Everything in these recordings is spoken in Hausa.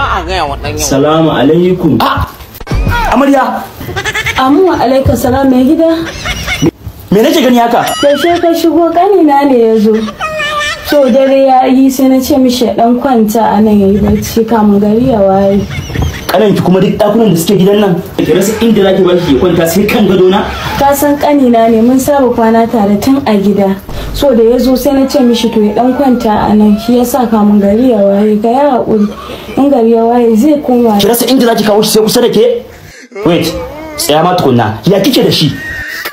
ba a gaya wa ɗan salamu alaikum ah! amarya amu alaikum salam mai gida me nake gani haka yaushe ka shigo ƙanina ne ya zo to dare ya yi sai na ce mishi dan kwanta a nan ya yi barci kamun gari ya waye kananki kuma duk ɗakunan da suke gidan nan ki rasa inda zaki ba ki kwanta sai kan gado na ka san ƙanina ne mun saba kwana tare tun a gida so da ya zo sai na ce mishi to ya dan kwanta a nan shi ya sa kamun gari ya waye Ka ya haƙuri in gari ya waye zai koma ki rasa inda zaki kawo shi sai kusa da ke wait tsaya ma tukunna ya kike da shi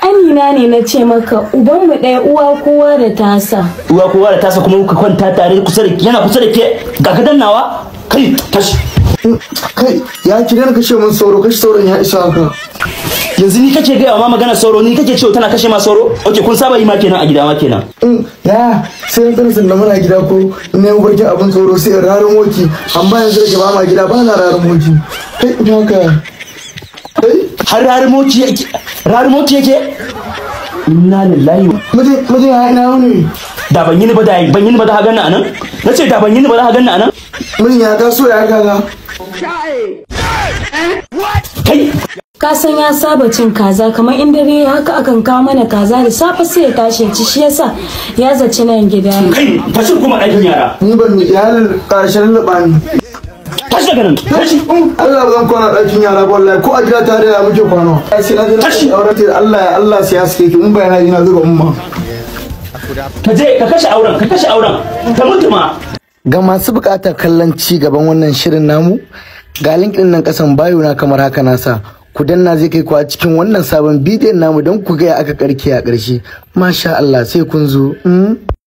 ƙanina ne na ce maka uban mu ɗaya uwa kowa da tasa uwa kowa da tasa kuma kuka kwanta tare kusa da yana kusa da ke ga ka dannawa kai tashi kai ya ki daina kashe mun sauro kashe sauron ya isa haka yanzu ni kake gaya ma magana sauro ni kake cewa tana kashe ma sauro okay kun saba yi ma kenan a gida ma kenan mm, ya sai na tsara sannan muna gida ko ne mafarkin abin tsoro sai rarin woki amma yanzu da ba ma gida ba na rarin woki kai ina haka har rarin woki yake rarin woki yake inna lillahi muje muje ha ina wani da ban yi ni ba da ban yi ni ba da hagan nan na ce da ban yi ni ba da hagan nan mun ya so ya kaga eh? What? ka san ya saba cin kaza kamar in dare haka akan kawo mana kaza da safe sai ya tashi ci shi yasa ya zaci nan gida kai fashin kuma aikin yara ni ban ni halin ƙarshen lubani tashi daga nan tashi mm, Allah ba zan kwana ɗakin yara ba wallahi ko a gida ta da muke kwano. sai na je tashi Aurata Allah ya Allah sai ya suke ki mun bayana ina zuba umma ka je ka kashe auren ka kashe auren ka mutuma. ga masu buƙatar kallon ci gaban wannan shirin namu ga linkin nan ƙasan bayo na kamar haka nasa ku danna zai kai ku a cikin wannan sabon bidiyon namu don ku gaya aka karke a ƙarshe masha Allah sai kun zo hmm?